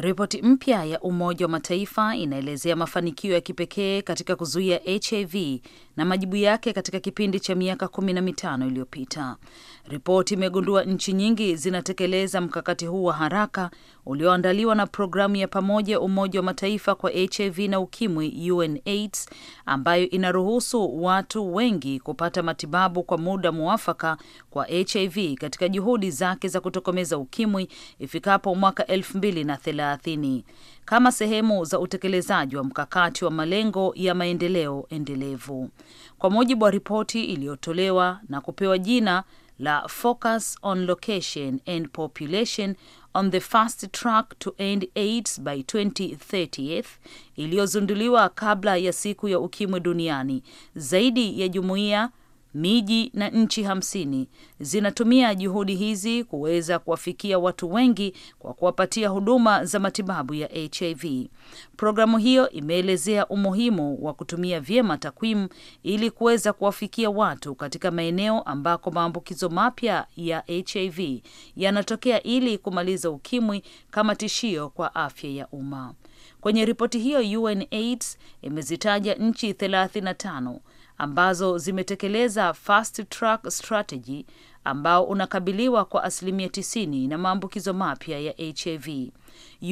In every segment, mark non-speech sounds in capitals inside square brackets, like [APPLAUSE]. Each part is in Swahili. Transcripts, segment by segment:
Ripoti mpya ya Umoja wa Mataifa inaelezea mafanikio ya kipekee katika kuzuia HIV na majibu yake katika kipindi cha miaka kumi na mitano iliyopita. Ripoti imegundua nchi nyingi zinatekeleza mkakati huu wa haraka ulioandaliwa na programu ya pamoja ya Umoja wa Mataifa kwa HIV na Ukimwi, UNAIDS, ambayo inaruhusu watu wengi kupata matibabu kwa muda mwafaka kwa HIV katika juhudi zake za kutokomeza ukimwi ifikapo mwaka elfu mbili na thelathini. 30 kama sehemu za utekelezaji wa mkakati wa malengo ya maendeleo endelevu, kwa mujibu wa ripoti iliyotolewa na kupewa jina la Focus on Location and Population on the Fast Track to End AIDS by 2030 iliyozunduliwa kabla ya siku ya ukimwi duniani. Zaidi ya jumuiya Miji na nchi hamsini zinatumia juhudi hizi kuweza kuwafikia watu wengi kwa kuwapatia huduma za matibabu ya HIV. Programu hiyo imeelezea umuhimu wa kutumia vyema takwimu ili kuweza kuwafikia watu katika maeneo ambako maambukizo mapya ya HIV yanatokea ili kumaliza ukimwi kama tishio kwa afya ya umma. Kwenye ripoti hiyo, UNAIDS imezitaja nchi 35 ambazo zimetekeleza fast track strategy ambao unakabiliwa kwa asilimia tisini na maambukizo mapya ya HIV.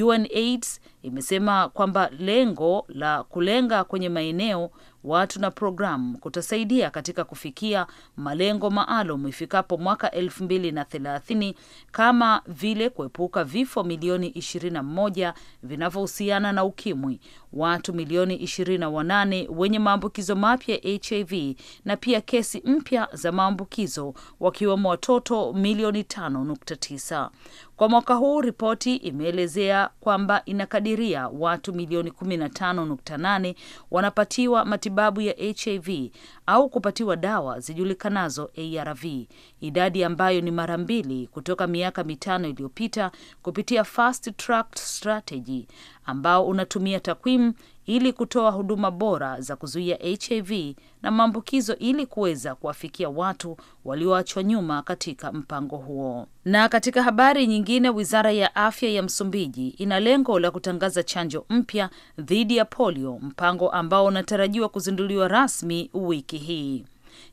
UNAIDS imesema kwamba lengo la kulenga kwenye maeneo watu na programu kutasaidia katika kufikia malengo maalum ifikapo mwaka elfu mbili na thelathini kama vile kuepuka vifo milioni 21 vinavyohusiana na ukimwi, watu milioni 28 wenye maambukizo mapya ya HIV na pia kesi mpya za maambukizo wakiwemo watoto milioni 5.9. Kwa mwaka huu ripoti imeelezea kwamba inakadiria watu milioni 15.8 wanapatiwa matibabu ya HIV au kupatiwa dawa zijulikanazo ARV, idadi ambayo ni mara mbili kutoka miaka mitano iliyopita kupitia Fast Track Strategy ambao unatumia takwimu ili kutoa huduma bora za kuzuia HIV na maambukizo ili kuweza kuwafikia watu walioachwa nyuma katika mpango huo. Na katika habari nyingine, wizara ya afya ya Msumbiji ina lengo la kutangaza chanjo mpya dhidi ya polio, mpango ambao unatarajiwa kuzinduliwa rasmi wiki hii.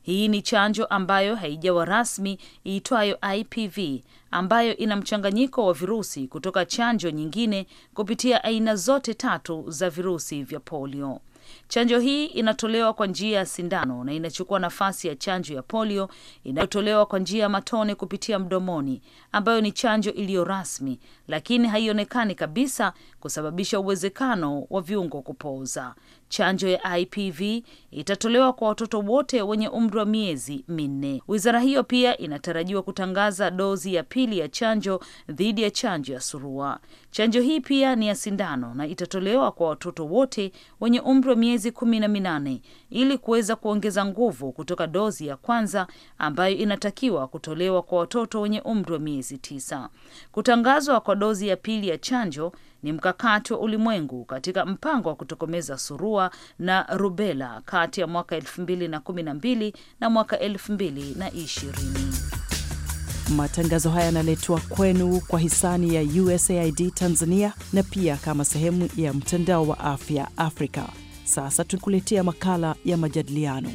Hii ni chanjo ambayo haijawa rasmi iitwayo IPV ambayo ina mchanganyiko wa virusi kutoka chanjo nyingine kupitia aina zote tatu za virusi vya polio. Chanjo hii inatolewa kwa njia ya sindano na inachukua nafasi ya chanjo ya polio inayotolewa kwa njia ya matone kupitia mdomoni, ambayo ni chanjo iliyo rasmi, lakini haionekani kabisa kusababisha uwezekano wa viungo kupooza. Chanjo ya IPV itatolewa kwa watoto wote wenye umri wa miezi minne. Wizara hiyo pia inatarajiwa kutangaza dozi ya pili ya chanjo dhidi ya chanjo ya surua. Chanjo hii pia ni ya sindano na itatolewa kwa watoto wote wenye umri wa miezi kumi na minane ili kuweza kuongeza nguvu kutoka dozi ya kwanza ambayo inatakiwa kutolewa kwa watoto wenye umri wa miezi tisa. Kutangazwa kwa dozi ya pili ya chanjo ni mkakati wa ulimwengu katika mpango wa kutokomeza surua na rubela kati ya mwaka 2012 na mwaka 2020. Matangazo haya yanaletwa kwenu kwa hisani ya USAID Tanzania na pia kama sehemu ya mtandao wa afya Afrika. Sasa tukuletea makala ya majadiliano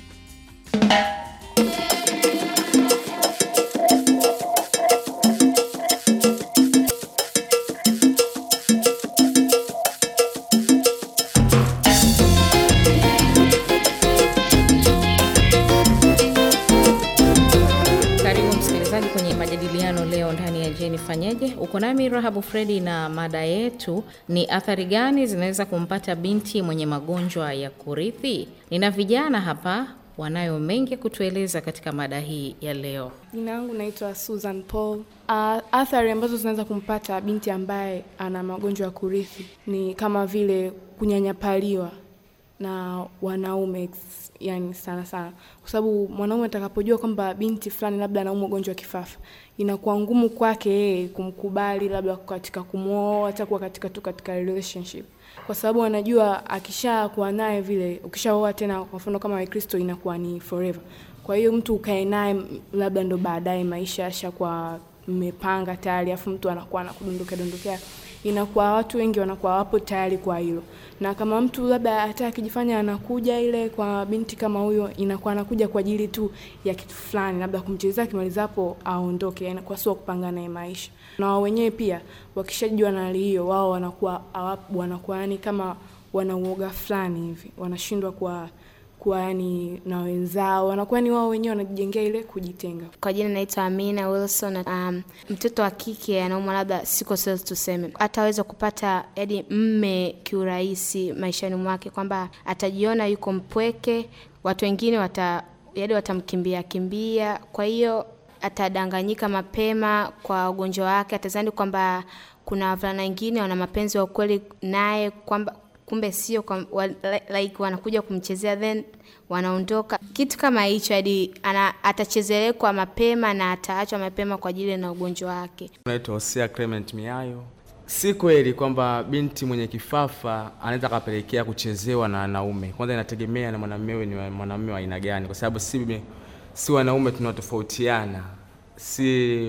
majadiliano leo ndani ya Je, fanyeje Uko nami Rahabu Fredi, na mada yetu ni athari gani zinaweza kumpata binti mwenye magonjwa ya kurithi. Nina vijana hapa wanayo mengi ya kutueleza katika mada hii ya leo. Jina yangu naitwa Susan Paul. Uh, athari ambazo zinaweza kumpata binti ambaye ana magonjwa ya kurithi ni kama vile kunyanyapaliwa na wanaume yani sana sana, kwa sababu mwanaume atakapojua kwamba binti fulani labda anaumwa ugonjwa wa kifafa, inakuwa ngumu kwake yeye kumkubali labda katika kumwoa, hata kuwa katika tu katika relationship, kwa sababu anajua akishakuwa naye vile, ukishaoa tena, kwa mfano kama Wakristo, inakuwa ni forever. Kwa hiyo mtu ukae naye labda ndo baadaye maisha ashakuwa mmepanga tayari, afu mtu anakuwa anakudondokea dondokea, inakuwa watu wengi wanakuwa wapo tayari kwa hilo na kama mtu labda hata akijifanya anakuja ile kwa binti kama huyo, inakuwa anakuja kwa ajili tu ya kitu fulani, labda kumchezea, kimalizapo aondoke, yani kwa sio kupanga naye maisha. Na wenyewe pia wakishajua na hali hiyo, wao wanakuwa wanakuwa yani kama wanauoga fulani hivi, wanashindwa kwa kuwa yani na wenzao, wanakuwa ni wao wenyewe wanajijengea ile kujitenga. Kwa jina naitwa Amina Wilson. Um, mtoto wa kike anaumwa labda siko seli, tuseme ataweza kupata yani mme kiurahisi maishani mwake, kwamba atajiona yuko mpweke, watu wengine wata yani watamkimbia kimbia, kwa hiyo atadanganyika mapema kwa ugonjwa wake, atazani kwamba kuna wavulana wengine wana mapenzi wa ukweli naye kwamba kumbe sio kwa, wa, like wanakuja kumchezea then wanaondoka, kitu kama hicho, hadi atachezelekwa mapema na ataachwa mapema kwa ajili na ugonjwa wake. Naitwa Hosea Clement Miayo. Si kweli kwamba binti mwenye kifafa anaweza akapelekea kuchezewa na wanaume. Kwanza inategemea na mwanamume ni mwanamume wa aina gani, kwa sababu si, si wanaume tunatofautiana. Si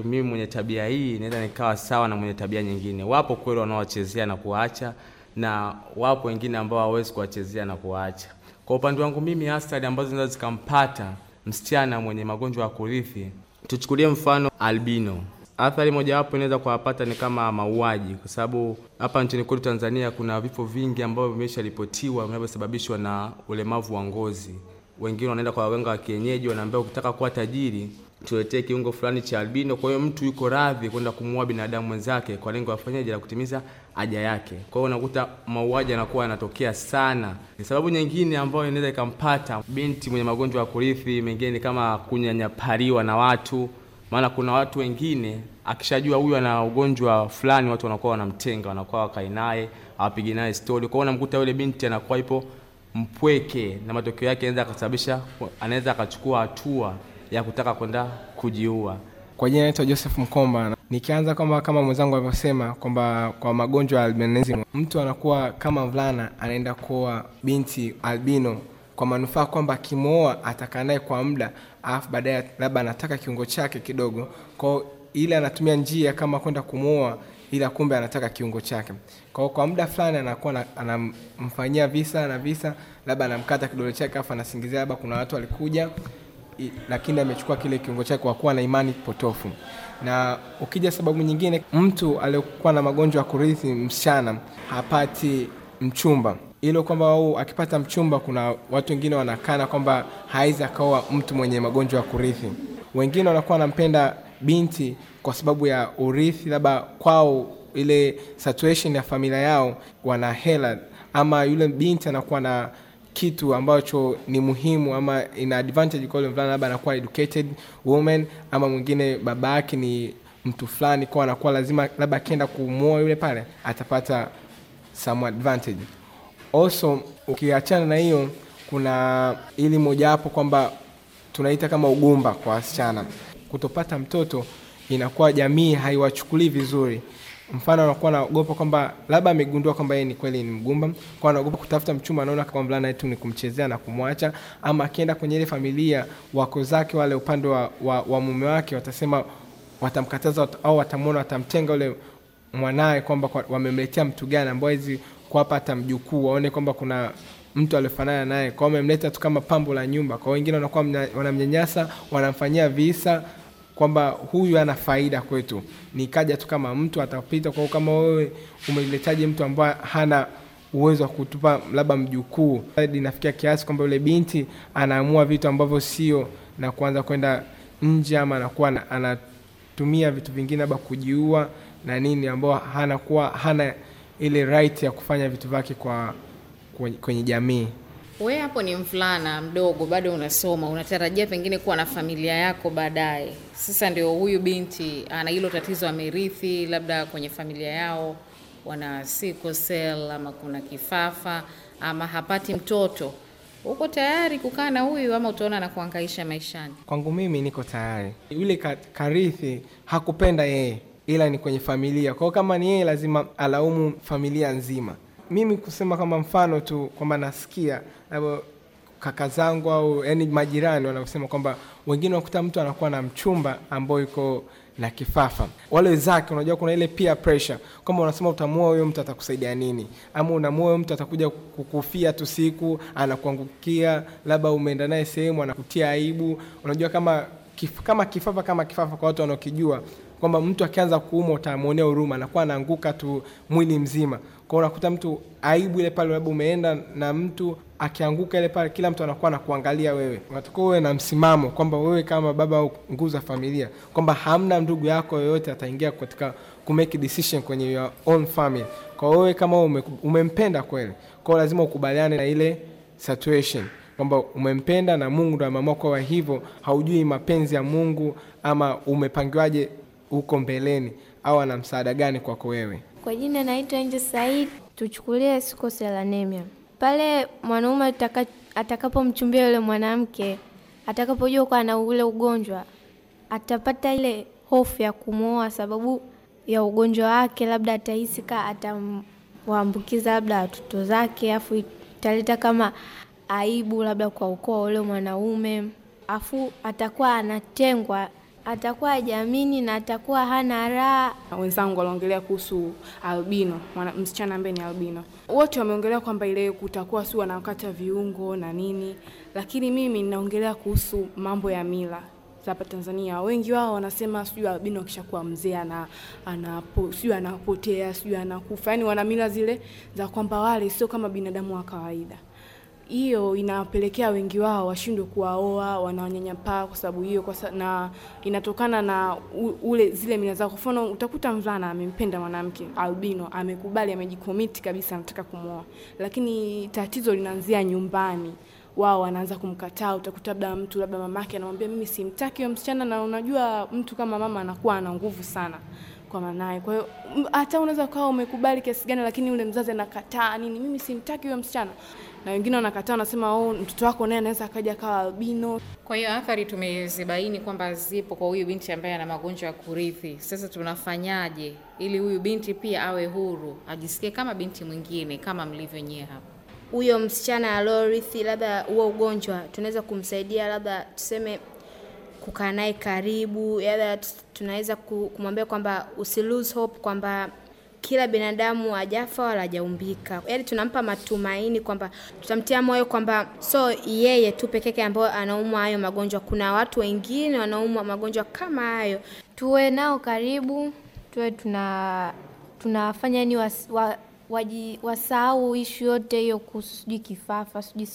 mimi mwenye tabia hii naweza nikawa sawa na mwenye tabia nyingine. Wapo kweli wanaochezea na kuacha na wapo wengine ambao hawezi kuwachezea na kuwaacha. Kwa upande wangu mimi, athari ambazo zinaweza zikampata msichana mwenye magonjwa ya kurithi, tuchukulie mfano albino. Athari mojawapo inaweza kuwapata ni kama mauaji, kwa sababu hapa nchini kwetu Tanzania kuna vifo vingi ambavyo vimesharipotiwa vinavyosababishwa na ulemavu wa ngozi. Wengine wanaenda kwa waganga wa kienyeji, wanaambia ukitaka kuwa tajiri tuletee kiungo fulani cha albino. Kwa hiyo mtu yuko radhi kwenda kumuua binadamu mwenzake kwa lengo la afanyaje la kutimiza haja yake. Kwa hiyo unakuta mauaji yanakuwa yanatokea sana. Ni sababu nyingine ambayo inaweza ikampata binti mwenye magonjwa ya kurithi, mengine kama kunyanyapaliwa na watu, maana kuna watu wengine akishajua huyu ana ugonjwa fulani, watu wanakuwa wanamtenga, wanakuwa wakai naye, awapigi naye stori. Kwa hiyo unamkuta yule binti anakuwa ipo mpweke, na matokeo yake anaweza akasababisha, anaweza akachukua hatua ya kutaka kwenda kujiua. Kwa jina naitwa Joseph Mkomba. Nikianza kwamba kama mwenzangu alivyosema kwamba kwa magonjwa ya albinism mtu anakuwa kama mvulana anaenda kuoa binti albino kwa manufaa kwamba akimwoa atakaa naye kwa muda, alafu baadaye labda anataka kiungo chake kidogo kwao, ile anatumia njia kama kwenda kumwoa, ila kumbe anataka kiungo chake kwao. Kwa muda fulani anakuwa anamfanyia visa na visa, labda anamkata kidole chake, alafu anasingizia labda kuna watu walikuja, lakini amechukua kile kiungo chake kwa kuwa na imani potofu. Na ukija sababu nyingine, mtu aliyokuwa na magonjwa ya kurithi, msichana hapati mchumba, ilo kwamba akipata mchumba, kuna watu wengine wanakana kwamba hawezi akaoa mtu mwenye magonjwa ya kurithi. Wengine wanakuwa wanampenda binti kwa sababu ya urithi, labda kwao ile situation ya familia yao, wana hela ama yule binti anakuwa na kitu ambacho ni muhimu ama ina advantage kwa yule mvulana, labda anakuwa educated woman ama mwingine baba yake ni mtu fulani, kwa anakuwa lazima labda akienda kumuoa yule pale atapata some advantage. Also ukiachana na hiyo, kuna ili moja hapo kwamba tunaita kama ugumba kwa wasichana, kutopata mtoto inakuwa jamii haiwachukulii vizuri mfano anakuwa anaogopa kwamba labda amegundua kwamba yeye ni kweli ni mgumba, kwa anaogopa kutafuta mchumba, anaona kama mvulana yetu ni kumchezea na kumwacha, ama akienda kwenye ile familia wako zake wale upande wa, wa, wa mume wake watasema, watamkataza au watamwona, watamtenga ule mwanaye kwamba kwa, wamemletea mtu gani ambao hizi kuwapa hata mjukuu waone kwamba kuna mtu aliofanana naye, kwao wamemleta tu kama pambo la nyumba. kwao wengine wanakuwa wanamnyanyasa, wanamfanyia visa kwamba huyu ana faida kwetu. Nikaja tu kama mtu atapita kwao kama wewe umeletaje mtu ambaye hana uwezo wa kutupa labda mjukuu. Inafikia kiasi kwamba yule binti anaamua vitu ambavyo sio, na kuanza kwenda nje ama anakuwa anatumia vitu vingine labda kujiua na nini, ambao hanakuwa hana ile right ya kufanya vitu vyake kwa kwenye jamii. We hapo ni mvulana mdogo, bado unasoma, unatarajia pengine kuwa na familia yako baadaye. Sasa ndio huyu binti ana hilo tatizo, amerithi labda kwenye familia yao wana sickle cell ama kuna kifafa ama hapati mtoto. Uko tayari kukaa na huyu ama utaona na kuangaisha maishani? Kwangu mimi niko tayari. Yule karithi hakupenda yeye, ila ni kwenye familia kwao. Kama ni yeye, lazima alaumu familia nzima mimi kusema kama mfano tu kwamba nasikia labda kaka zangu au yani majirani wanaosema kwamba wengine wakuta mtu anakuwa na mchumba ambao iko na kifafa, wale zake, unajua kuna ile peer pressure kwamba unasema utamua huyo mtu atakusaidia nini, ama unamua huyo mtu atakuja kukufia tu siku, anakuangukia, labda umeenda naye sehemu anakutia aibu. Unajua kama kif, kama kifafa kama kifafa kwa watu wanaokijua kwamba mtu akianza kuumwa utamwonea huruma, anakuwa anaanguka tu mwili mzima. Kwa unakuta mtu aibu ile pale, labda umeenda na mtu akianguka ile pale, kila mtu anakuwa anakuangalia wewe. Unatakiwa uwe na msimamo kwamba wewe kama baba au nguzo familia, kwamba hamna ndugu yako yoyote ataingia katika kumake decision kwenye your own family. Kwa wewe kama ume, umempenda kweli, kwa lazima ukubaliane na ile situation kwamba umempenda na Mungu ndo ameamua hivyo. Haujui mapenzi ya Mungu ama umepangiwaje huko mbeleni, au ana msaada gani kwako wewe. Kwa jina naitwa Angel Said. Tuchukulie sickle cell pale mwanaume atakapomchumbia yule mwanamke, atakapojua kwa ana ule ugonjwa, atapata ile hofu ya kumwoa sababu ya ugonjwa wake, labda atahisi ka atamwambukiza labda watoto zake, afu italeta kama aibu labda kwa ukoo ule mwanaume, afu atakuwa anatengwa atakuwa ajamini na atakuwa hana raha. Wenzangu waliongelea kuhusu albino, msichana ambaye ni albino, wote wameongelea kwamba ile kutakuwa si wanakata viungo na nini, lakini mimi ninaongelea kuhusu mambo ya mila za hapa Tanzania. Wengi wao wanasema sijui albino akishakuwa mzee ana anapo sijui anapotea sijui anakufa, yaani wana mila zile za kwamba wale sio kama binadamu wa kawaida hiyo inawapelekea wengi wao washindwe kuwaoa, wanawanyanyapaa kwa sababu hiyo, na inatokana na u, ule zile mila zao. Kwa mfano, utakuta mvulana amempenda mwanamke albino, amekubali, amejikomiti kabisa, anataka kumwoa, lakini tatizo linaanzia nyumbani wao wanaanza kumkataa. Utakuta labda mtu labda mamake anamwambia mimi simtaki huyo msichana, na unajua mtu kama mama anakuwa ana nguvu sana kwa manaye. Kwa hiyo hata unaweza ukawa umekubali kiasi gani, lakini ule mzazi anakataa nini, mimi simtaki huyo msichana na wengine wanakataa, wanasema oh, mtoto wako naye anaweza akaja kawa albino. Kwa hiyo athari tumezibaini kwamba zipo kwa huyu binti ambaye ana magonjwa ya kurithi. Sasa tunafanyaje ili huyu binti pia awe huru, ajisikie kama binti mwingine, kama mlivyo nyie hapa? Huyo msichana aliorithi labda huo ugonjwa, tunaweza kumsaidia labda tuseme kukaa naye karibu, labda tunaweza kumwambia kwamba usi hope kwamba kila binadamu ajafa wala ajaumbika yaani tunampa matumaini kwamba tutamtia moyo kwamba so yeye tu peke yake ambayo anaumwa hayo magonjwa, kuna watu wengine wanaumwa magonjwa kama hayo. Tuwe nao karibu, tuwe tuna tunafanya yani wa, wasahau ishu yote hiyo kuhusu sijui kifafa sijui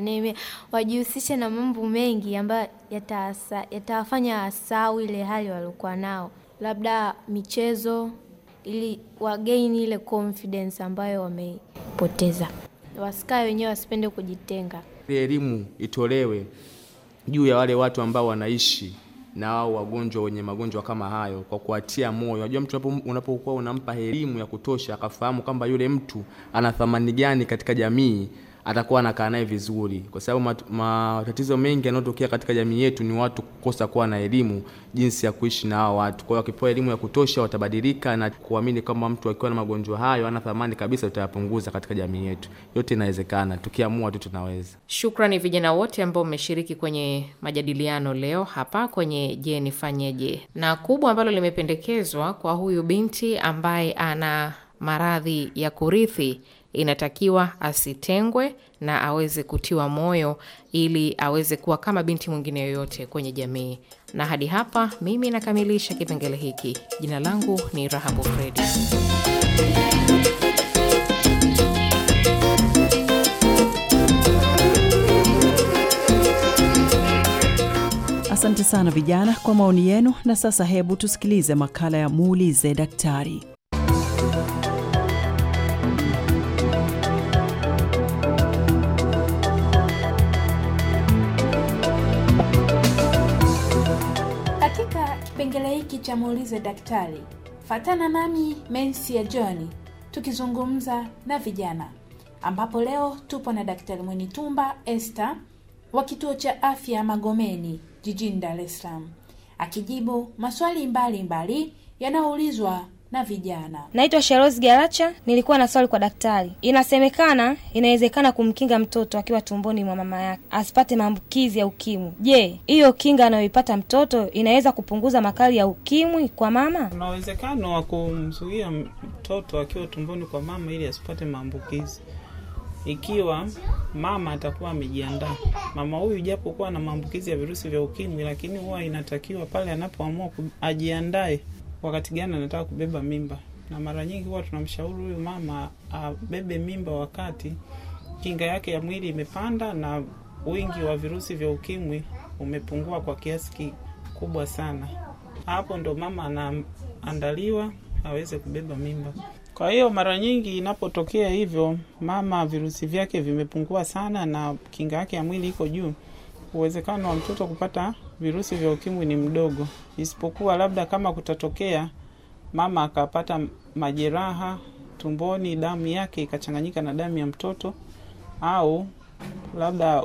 neme, wajihusishe na mambo mengi ambayo yatawafanya yata wasahau ile hali waliokuwa nao, labda michezo ili wagain ile confidence ambayo wameipoteza, wasikae wenyewe, wasipende kujitenga. Elimu itolewe juu ya wale watu ambao wanaishi na wao wagonjwa wenye magonjwa kama hayo, kwa kuwatia moyo. Unajua, mtu unapokuwa unampa elimu ya kutosha, akafahamu kwamba yule mtu ana thamani gani katika jamii atakuwa anakaa naye vizuri, kwa sababu matatizo mengi yanayotokea katika jamii yetu ni watu kukosa kuwa na elimu jinsi ya kuishi na hao watu. Kwa hiyo wakipewa elimu ya kutosha watabadilika na kuamini kwamba mtu akiwa na magonjwa hayo ana thamani kabisa, tutayapunguza katika jamii yetu. Yote inawezekana tukiamua tu, tunaweza. Shukrani vijana wote ambao mmeshiriki kwenye majadiliano leo hapa kwenye Je Nifanyeje, na kubwa ambalo limependekezwa kwa huyu binti ambaye ana maradhi ya kurithi inatakiwa asitengwe na aweze kutiwa moyo ili aweze kuwa kama binti mwingine yoyote kwenye jamii. Na hadi hapa mimi nakamilisha kipengele hiki. Jina langu ni Rahabu Fredi. Asante sana vijana kwa maoni yenu, na sasa hebu tusikilize makala ya muulize daktari. kipengele hiki cha muulize daktari. Fatana nami ya John tukizungumza na vijana, ambapo leo tupo na Daktari Mwenitumba este wa kituo cha afya Magomeni jijini Dar es Salaam, akijibu maswali mbalimbali yanayoulizwa na vijana. Naitwa Sheroz Garacha, nilikuwa na swali kwa daktari. Inasemekana inawezekana kumkinga mtoto akiwa tumboni mwa mama yake asipate maambukizi ya ukimwi. Je, hiyo kinga anayoipata mtoto inaweza kupunguza makali ya ukimwi kwa mama? Kuna uwezekano wa kumzuia mtoto akiwa tumboni kwa mama ili asipate maambukizi ikiwa mama atakuwa amejiandaa. Mama huyu japokuwa na maambukizi ya virusi vya ukimwi, lakini huwa inatakiwa pale anapoamua ajiandae wakati gani anataka kubeba mimba, na mara nyingi huwa tunamshauri huyu mama abebe mimba wakati kinga yake ya mwili imepanda na wingi wa virusi vya ukimwi umepungua kwa kiasi kikubwa sana. Hapo ndo mama anaandaliwa aweze kubeba mimba. Kwa hiyo mara nyingi inapotokea hivyo, mama virusi vyake vimepungua sana na kinga yake ya mwili iko juu uwezekano wa mtoto kupata virusi vya ukimwi ni mdogo, isipokuwa labda kama kutatokea mama akapata majeraha tumboni, damu yake ikachanganyika na damu ya mtoto, au labda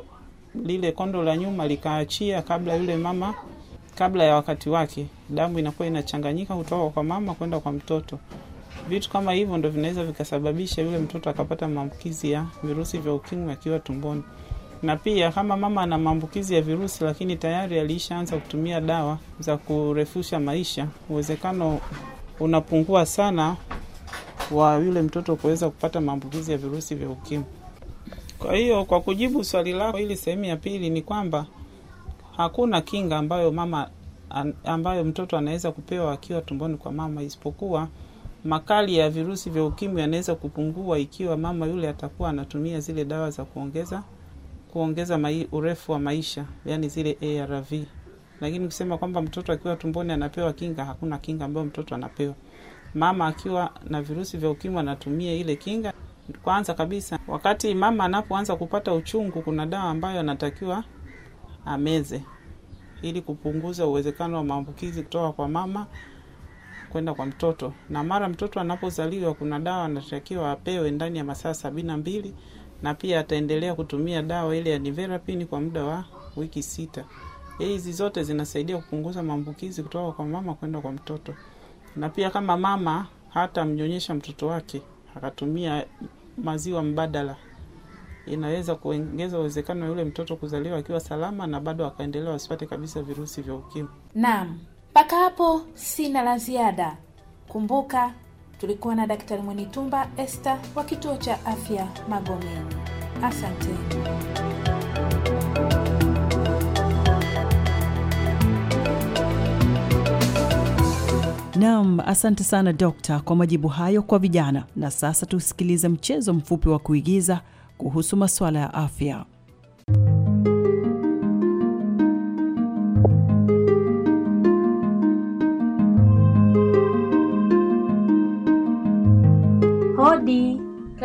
lile kondo la nyuma likaachia kabla yule mama, kabla ya wakati wake, damu inakuwa inachanganyika kutoka kwa mama kwenda kwa mtoto. Vitu kama hivyo ndo vinaweza vikasababisha yule mtoto akapata maambukizi ya virusi vya ukimwi akiwa tumboni na pia kama mama ana maambukizi ya virusi lakini tayari alishaanza kutumia dawa za kurefusha maisha, uwezekano unapungua sana wa yule mtoto kuweza kupata maambukizi ya virusi vya ukimwi. Kwa hiyo kwa kujibu swali lako hili, sehemu ya pili ni kwamba hakuna kinga ambayo mama ambayo mtoto anaweza kupewa akiwa tumboni kwa mama, isipokuwa makali ya virusi vya ukimwi yanaweza kupungua ikiwa mama yule atakuwa anatumia zile dawa za kuongeza kuongeza mai, urefu wa maisha, yani zile ARV. Lakini kusema kwamba mtoto akiwa tumboni anapewa kinga, hakuna kinga ambayo mtoto anapewa. Mama akiwa na virusi vya ukimwi anatumia ile kinga. Kwanza kabisa, wakati mama anapoanza kupata uchungu, kuna dawa ambayo anatakiwa ameze ili kupunguza uwezekano wa maambukizi kutoka kwa mama kwenda kwa mtoto. Na mara mtoto anapozaliwa, kuna dawa anatakiwa apewe ndani ya masaa sabini na mbili na pia ataendelea kutumia dawa ile ya Nevirapine kwa muda wa wiki sita. Hizi zote zinasaidia kupunguza maambukizi kutoka kwa mama kwenda kwa mtoto. Na pia kama mama hata mnyonyesha mtoto wake akatumia maziwa mbadala, inaweza kuongeza uwezekano wa yule mtoto kuzaliwa akiwa salama na bado akaendelea asipate kabisa virusi vya ukimwi. Naam, mpaka hapo sina la ziada. Kumbuka Tulikuwa na Daktari Mwenitumba este wa kituo cha afya Magomeni. Asante. nam asante sana dokta kwa majibu hayo kwa vijana. Na sasa tusikilize mchezo mfupi wa kuigiza kuhusu masuala ya afya.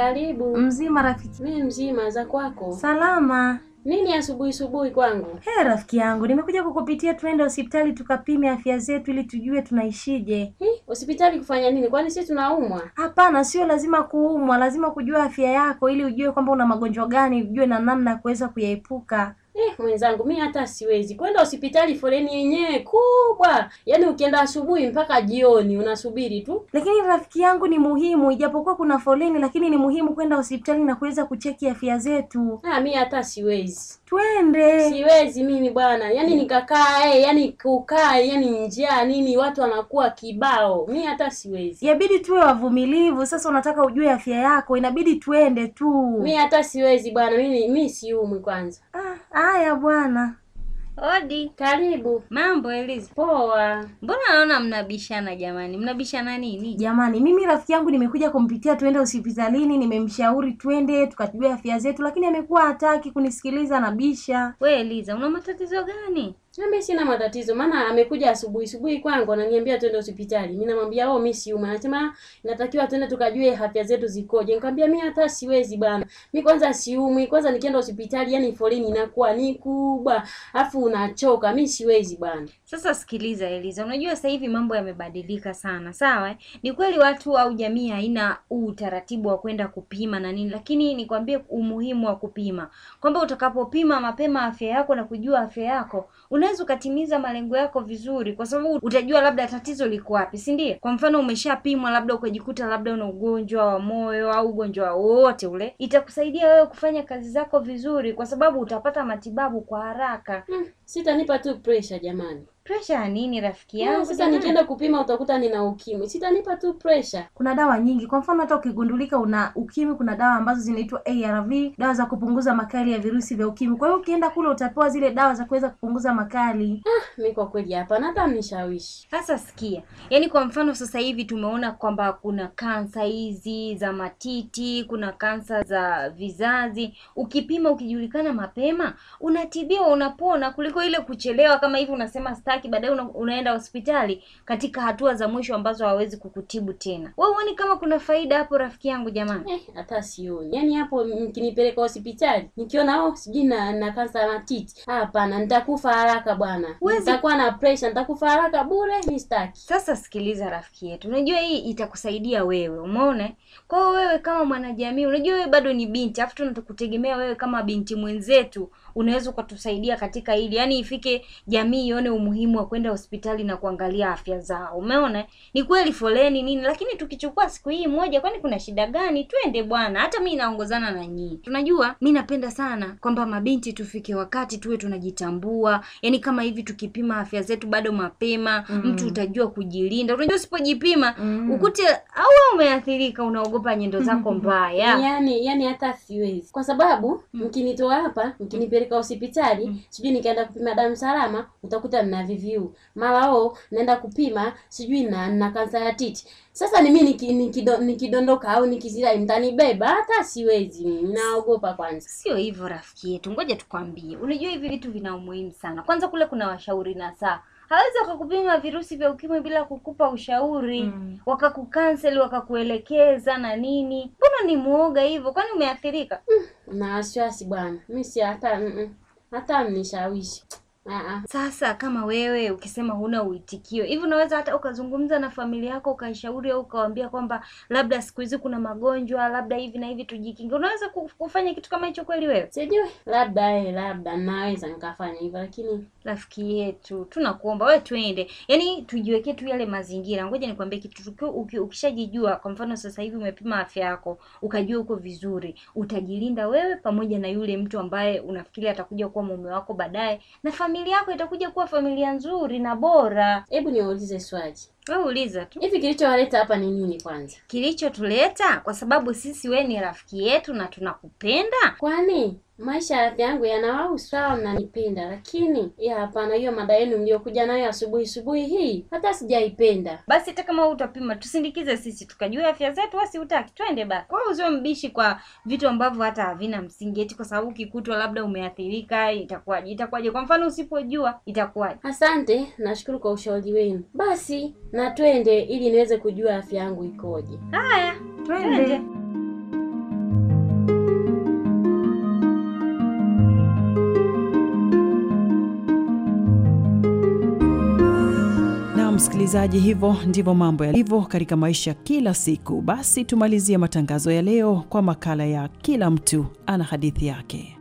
Karibu. Mzima rafiki? Mimi mzima, za kwako? Salama. Nini asubuhi subuhi kwangu? Hey, rafiki yangu, nimekuja kukupitia tuende hospitali tukapime afya zetu ili tujue tunaishije. Hospitali kufanya nini? Kwani sisi tunaumwa? Hapana, sio lazima kuumwa, lazima kujua afya yako ili ujue kwamba una magonjwa gani, ujue na namna ya kuweza kuyaepuka. Eh, mwenzangu mi hata siwezi kwenda hospitali, foleni yenyewe kubwa, yaani ukienda asubuhi mpaka jioni unasubiri tu. Lakini rafiki yangu, ni muhimu, ijapokuwa kuna foleni, lakini ni muhimu kwenda hospitali na kuweza kucheki afya zetu. Ah, mi hata siwezi twende. Siwezi mimi bwana, yani mm. nikakaa eh, yani kukaa, yani njaa nini, watu wanakuwa kibao, mi hata siwezi. Yabidi tuwe wavumilivu. Sasa unataka ujue afya yako, inabidi twende tu. Mi hata siwezi bwana, mi mi siumwi kwanza. Ah, haya bwana. Odi, karibu. Mambo Elizi? Poa. Mbona naona mnabishana jamani, mnabishana nini jamani? Mimi rafiki yangu nimekuja kumpitia tuende hospitalini, nimemshauri twende tukajue afya zetu, lakini amekuwa hataki kunisikiliza, na bisha We Eliza, una matatizo gani? Niambia sina matatizo maana amekuja asubuhi asubuhi kwangu ananiambia twende hospitali. Mimi namwambia oh, mimi siuma. Anasema inatakiwa twende tukajue afya zetu zikoje. Nikamwambia mimi hata siwezi bwana. Mimi kwanza siumi. Kwanza nikienda hospitali yani foleni inakuwa ni kubwa. Alafu unachoka. Mimi siwezi bwana. Sasa sikiliza Eliza, unajua sasa hivi mambo yamebadilika sana, sawa? Eh? Ni kweli watu au jamii haina utaratibu wa kwenda kupima na nini, lakini nikwambie umuhimu wa kupima, kwamba utakapopima mapema afya yako na kujua afya yako, unaweza ukatimiza malengo yako vizuri, kwa sababu utajua labda tatizo liko wapi, si ndio? Kwa mfano umeshapimwa, labda ukajikuta labda una ugonjwa wa moyo au ugonjwa wowote ule, itakusaidia wewe kufanya kazi zako vizuri, kwa sababu utapata matibabu kwa haraka. Hmm, sitanipa tu pressure jamani presha ya nini rafiki yaani yangu? Sasa nikienda kupima utakuta nina ukimwi, sitanipa tu presha. Kuna dawa nyingi, kwa mfano hata ukigundulika una ukimwi, kuna dawa ambazo zinaitwa ARV, dawa za kupunguza makali ya virusi vya ukimwi. Kwa hiyo ukienda kule utapewa zile dawa za kuweza kupunguza makali. Ah, mi kwa kweli hapa nata mnishawishi sasa. Sikia, yaani kwa mfano sasa hivi tumeona kwamba kuna kansa hizi za matiti, kuna kansa za vizazi. Ukipima ukijulikana mapema, unatibiwa unapona, kuliko ile kuchelewa kama hivi unasema staki yake, baadaye una, unaenda hospitali katika hatua za mwisho ambazo hawawezi kukutibu tena. Wewe uone kama kuna faida hapo, rafiki yangu? Jamani, eh, hata sioni. Yaani hapo mkinipeleka hospitali nikiona oh, sijui na na kansa matiti, hapana, nitakufa haraka bwana, nitakuwa na pressure, nitakufa haraka bure, nistaki. Sasa sikiliza rafiki yetu, unajua hii itakusaidia wewe, umeona? Kwa hiyo wewe kama mwanajamii, unajua wewe bado ni binti, afu tunakutegemea wewe kama binti mwenzetu unaweza ukatusaidia katika hili, yaani ifike jamii ione umuhimu wa kwenda hospitali na kuangalia afya zao. Umeona, ni kweli foleni nini, lakini tukichukua siku hii moja, kwani kuna shida gani? Twende bwana, hata mi naongozana na nyinyi. Tunajua mi napenda sana kwamba mabinti tufike wakati tuwe tunajitambua, yaani kama hivi tukipima afya zetu bado mapema mm. mtu utajua kujilinda. Unajua usipojipima mm. ukute au umeathirika, unaogopa nyendo zako [LAUGHS] mbaya. Yani yani hata siwezi kwa sababu mm. mkinitoa hapa mkinipe kunipeleka hospitali mm. sijui nikaenda kupima damu salama, utakuta nina viviu mara oh naenda kupima sijui na na kansa ya titi. Sasa ni mi nikidondoka niki, niki au nikizirai mtanibeba? Hata siwezi, naogopa kwanza. Sio hivyo rafiki yetu, ngoja tukwambie. Unajua hivi vitu vina umuhimu sana. Kwanza kule kuna washauri na saa hawezi wakakupima virusi vya ukimwi bila kukupa ushauri mm. wakakukansel wakakuelekeza na nini. Mbona ni mwoga hivyo? Kwani umeathirika? mm. na wasiwasi bwana, mi si hata hata mnishawishi Aa. Ah, ah. Sasa kama wewe ukisema huna uitikio hivi, unaweza hata ukazungumza na familia yako ukaishauri au ukawaambia kwamba labda siku hizi kuna magonjwa labda hivi na hivi tujikinge. Unaweza kufanya kitu kama hicho kweli wewe? Sijui, labda eh, labda naweza nikafanya hivyo, lakini rafiki yetu, tunakuomba wewe, twende yaani tujiwekee tu yale mazingira. Ngoja nikwambie kitu, ukishajijua kwa mfano sasa hivi umepima afya yako ukajua uko vizuri, utajilinda wewe pamoja na yule mtu ambaye unafikiri atakuja kuwa mume wako baadaye na familia yako itakuja kuwa familia nzuri na bora. Hebu niwaulize swali, uliza tu. Hivi kilichowaleta hapa ni nini kwanza? Kilichotuleta kwa sababu sisi we ni rafiki yetu na tunakupenda. Kwani maisha ya afya yangu yanawau? Sawa, mnanipenda, lakini ya hapana, hiyo mada yenu mliokuja nayo asubuhi asubuhi hii hata sijaipenda. Basi hata kama utapima, tusindikize sisi tukajue afya zetu, wasi utaki, twende basi. Wewe usiwe mbishi kwa vitu ambavyo hata havina msingi, eti kwa sababu kikutwa labda umeathirika, itakuwaje? Itakuwaje? Kwa mfano usipojua itakuwaje? Asante, nashukuru kwa ushauri wenu. Basi na twende ili niweze kujua afya yangu ikoje. Haya, twende. Msikilizaji, hivyo ndivyo mambo yalivyo katika maisha kila siku. Basi tumalizie matangazo ya leo kwa makala ya kila mtu ana hadithi yake.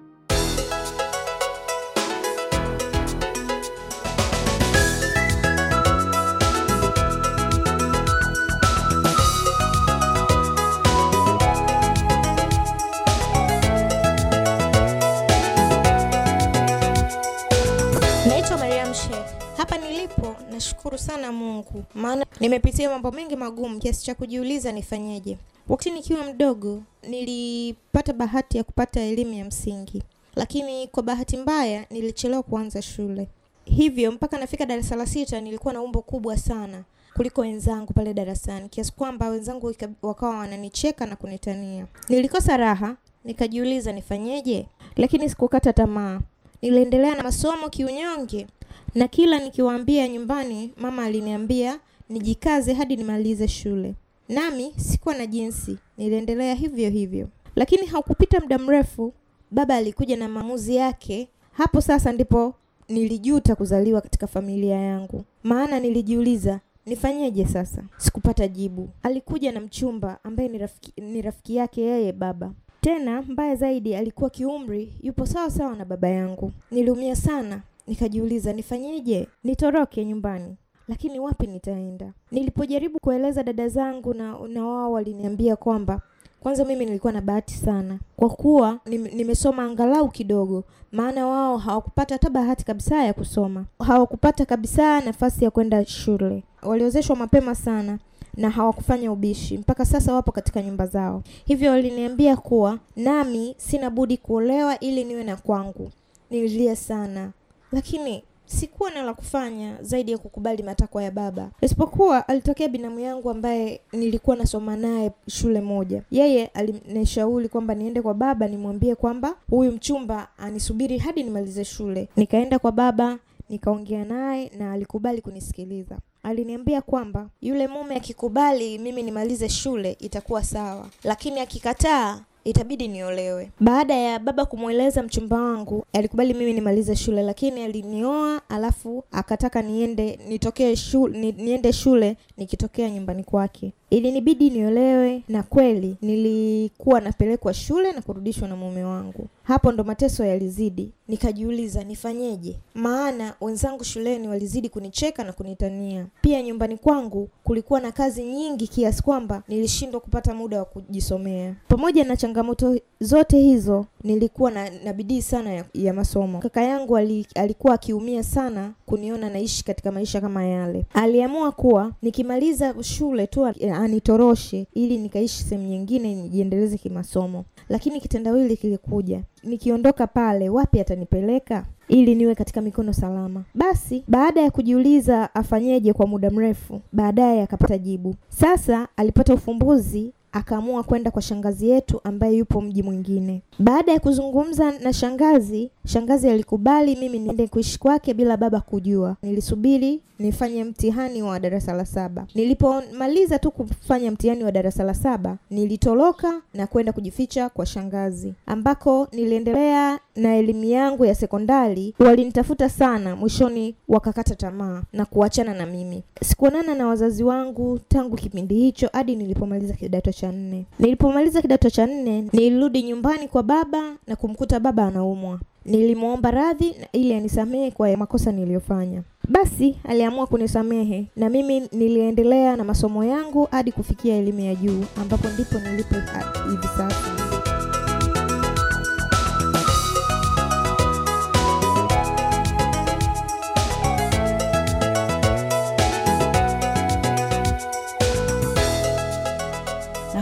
Mungu, maana nimepitia mambo mengi magumu kiasi cha kujiuliza nifanyeje. Wakati nikiwa mdogo nilipata bahati ya kupata elimu ya msingi, lakini kwa bahati mbaya nilichelewa kuanza shule, hivyo mpaka nafika darasa la sita nilikuwa na umbo kubwa sana kuliko wenzangu pale darasani, kiasi kwamba wenzangu wakawa wananicheka na kunitania. Nilikosa raha, nikajiuliza nifanyeje, lakini sikukata tamaa. Niliendelea na masomo kiunyonge na kila nikiwaambia nyumbani, mama aliniambia nijikaze hadi nimalize shule, nami sikuwa na jinsi, niliendelea hivyo hivyo. Lakini haukupita muda mrefu, baba alikuja na maamuzi yake. Hapo sasa ndipo nilijuta kuzaliwa katika familia yangu, maana nilijiuliza nifanyeje sasa? Sikupata jibu. Alikuja na mchumba ambaye ni rafiki, ni rafiki yake yeye baba. Tena mbaya zaidi, alikuwa kiumri yupo sawa sawa na baba yangu. Niliumia sana Nikajiuliza, nifanyeje? Nitoroke nyumbani, lakini wapi nitaenda? Nilipojaribu kueleza dada zangu, na na wao waliniambia kwamba kwanza mimi nilikuwa na bahati sana kwa kuwa nimesoma angalau kidogo, maana wao hawakupata hata bahati kabisa ya kusoma, hawakupata kabisa nafasi ya kwenda shule, waliozeshwa mapema sana na hawakufanya ubishi, mpaka sasa wapo katika nyumba zao. Hivyo waliniambia kuwa nami sina budi kuolewa ili niwe na kwangu. Nililia sana, lakini sikuwa na la kufanya zaidi ya kukubali matakwa ya baba. Isipokuwa alitokea binamu yangu ambaye nilikuwa nasoma naye shule moja, yeye alinishauri kwamba niende kwa baba nimwambie kwamba huyu mchumba anisubiri hadi nimalize shule. Nikaenda kwa baba nikaongea naye na alikubali kunisikiliza. Aliniambia kwamba yule mume akikubali mimi nimalize shule itakuwa sawa, lakini akikataa itabidi niolewe. Baada ya baba kumweleza mchumba wangu, alikubali mimi nimalize shule, lakini alinioa, alafu akataka niende nitokee shule, ni, niende shule nikitokea nyumbani kwake. Ilinibidi niolewe, na kweli nilikuwa napelekwa shule na kurudishwa na mume wangu. Hapo ndo mateso yalizidi, nikajiuliza nifanyeje, maana wenzangu shuleni walizidi kunicheka na kunitania. Pia nyumbani kwangu kulikuwa na kazi nyingi kiasi kwamba nilishindwa kupata muda wa kujisomea pamoja na changa changamoto zote hizo nilikuwa na, na bidii sana ya, ya masomo. Kaka yangu ali, alikuwa akiumia sana kuniona naishi katika maisha kama yale. Aliamua kuwa nikimaliza shule tu anitoroshe ili nikaishi sehemu nyingine nijiendeleze kimasomo, lakini kitendawili kilikuja, nikiondoka pale wapi atanipeleka ili niwe katika mikono salama. Basi baada ya kujiuliza afanyeje kwa muda mrefu, baadaye akapata jibu. Sasa alipata ufumbuzi akaamua kwenda kwa shangazi yetu ambaye yupo mji mwingine. Baada ya kuzungumza na shangazi, shangazi alikubali mimi niende kuishi kwake bila baba kujua. Nilisubiri nifanye mtihani wa darasa la saba. Nilipomaliza tu kufanya mtihani wa darasa la saba, nilitoroka na kwenda kujificha kwa shangazi, ambako niliendelea na elimu yangu ya sekondari walinitafuta sana, mwishoni wakakata tamaa na kuachana na mimi. Sikuonana na wazazi wangu tangu kipindi hicho hadi nilipomaliza kidato cha nne. Nilipomaliza kidato cha nne, nilirudi nyumbani kwa baba na kumkuta baba anaumwa. Nilimwomba radhi ili anisamehe kwa makosa niliyofanya. Basi aliamua kunisamehe na mimi niliendelea na masomo yangu hadi kufikia elimu ya juu ambapo ndipo nilipo ah, hivi sasa.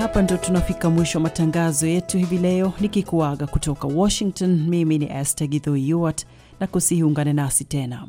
hapa ndo tunafika mwisho wa matangazo yetu hivi leo, nikikuaga kutoka Washington. Mimi ni este Githo Yuart, na kusihiungane nasi tena.